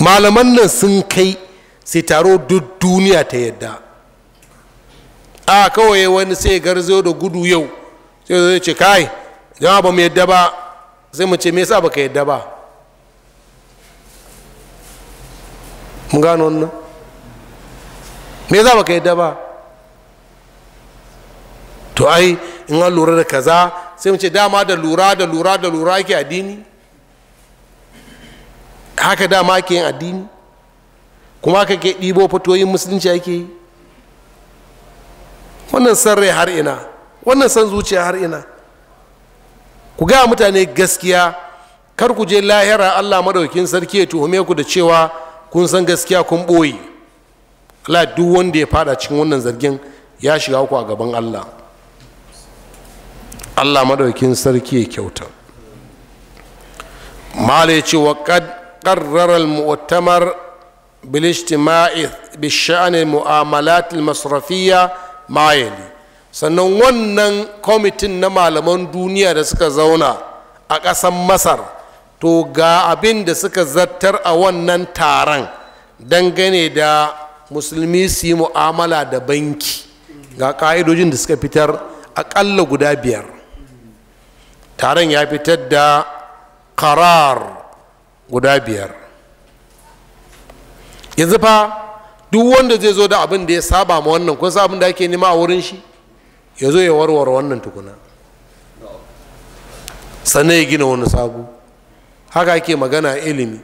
malaman nan sun kai sai taro duk duniya ta yadda a kawai wani sai garzo da gudu yau sai zai ce kai jama'a abu mai yadda ba sai mu ce me yasa baka yadda ba mun gano wannan me yasa baka yadda ba to ai in an lura da kaza sai mu ce dama da lura da lura da lura ke addini haka dama ke yin addini kuma haka ke ɗibo fatoyin musulunci ake yi wannan san rai har ina wannan san zuciya har ina ku gaya mutane gaskiya kar ku je lahira allah maɗaukin sarki ya tuhume ku da cewa kun san gaskiya kun ɓoye la duk wanda ya fada cikin wannan zargin ya shiga ku a gaban allah allah maɗaukin sarki ya kyauta mala ya ce wa ƙarrarar mu'tamar بالاجتماع بالشأن mu'amalatul masrafiya mayali sannan wannan kwamitin na malaman duniya da suka zauna a ƙasan masar to ga abin da suka zartar a wannan taron dangane da musulmi su yi mu'amala da banki ga ƙa'idojin da suka fitar aƙalla guda biyar taron ya fitar da karar guda biyar yanzu fa duk wanda zai zo da abin da ya saba ma wannan kun abin da ake nema a wurin shi ya zo ya warware wannan tukuna sannan ya gina wani sabu haka ake magana ilimi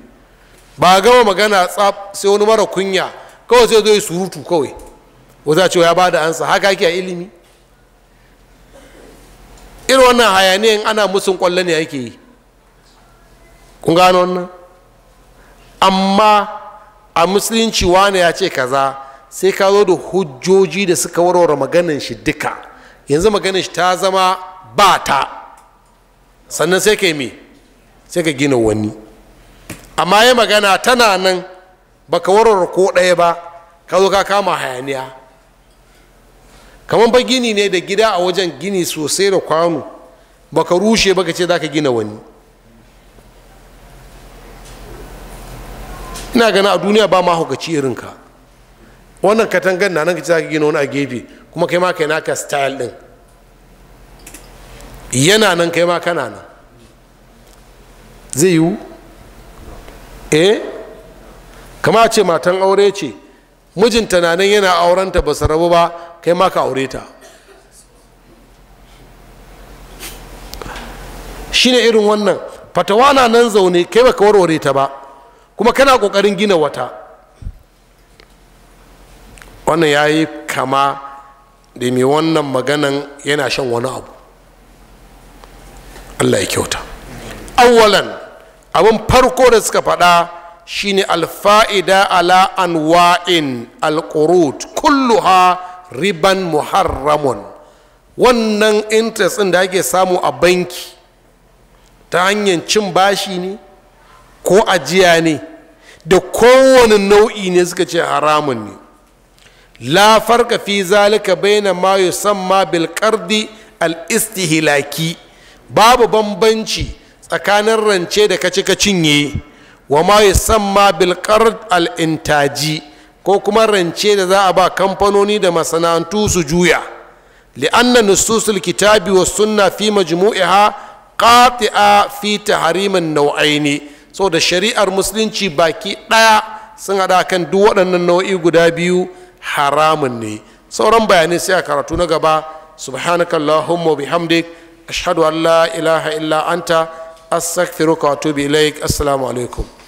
ba gama magana tsab sai wani mara kunya kawai sai zo ya surutu kawai wata cewa ya bada ansa haka ake a ilimi irin wannan hayaniyan ana musun kwallo ne ake yi kun gano wannan amma a musulunci wane ya ce kaza sai ka zo da hujjoji da suka warware maganan shi duka yanzu maganin shi ta zama ba ta sannan sai ka yi sai ka gina wani amma ya magana tana nan baka warware ko ɗaya ba ka zo ka kama hayaniya kamar ba gini ne da gida a wajen gini sosai da kwano baka rushe baka ce za ka gina wani ina gana a duniya ba ma irin irinka wannan katangar na nan ka ce za ka gina wani a gefe kuma kai ma kai naka style din yana nan kai ma kana nan zai yiwu eh kama ce matan aure ce mijin tunanin yana aurenta ba su rabu ba kai ma ka aure ta shine irin wannan fatawa na nan zaune kai ba ka warware ta ba kuma kana kokarin gina wata wannan ya yi kama da mai wannan maganan yana shan wani abu allah ya kyauta awalan abin farko da suka faɗa shine alfa'ida ala an wa'in anwa'in kullu ha riban muharramun wannan interest ɗin da ake samu a banki ta hanyar cin bashi ne ko ajiya ne da kowane nau'i ne suka ce haramun ne la farka fi zalika baina ma yusamma bil qardi al istihlaki babu bambanci tsakanin rance da kaci ka cinye wa ma yusamma bil qard al intaji ko kuma rance da za a ba kamfanoni da masana'antu su juya li'anna nususul kitabi was sunna fi majmu'iha qati'a fi tahrimin naw'ain so da shari'ar musulunci baki daya sun hada kan duk waɗannan nau'i guda biyu haramun ne sauran bayanai sai a karatu na gaba subhanaka allahumma bihamdik ashhadu an la ilaha illa anta astaghfiruka wa atubu ilaik assalamu alaikum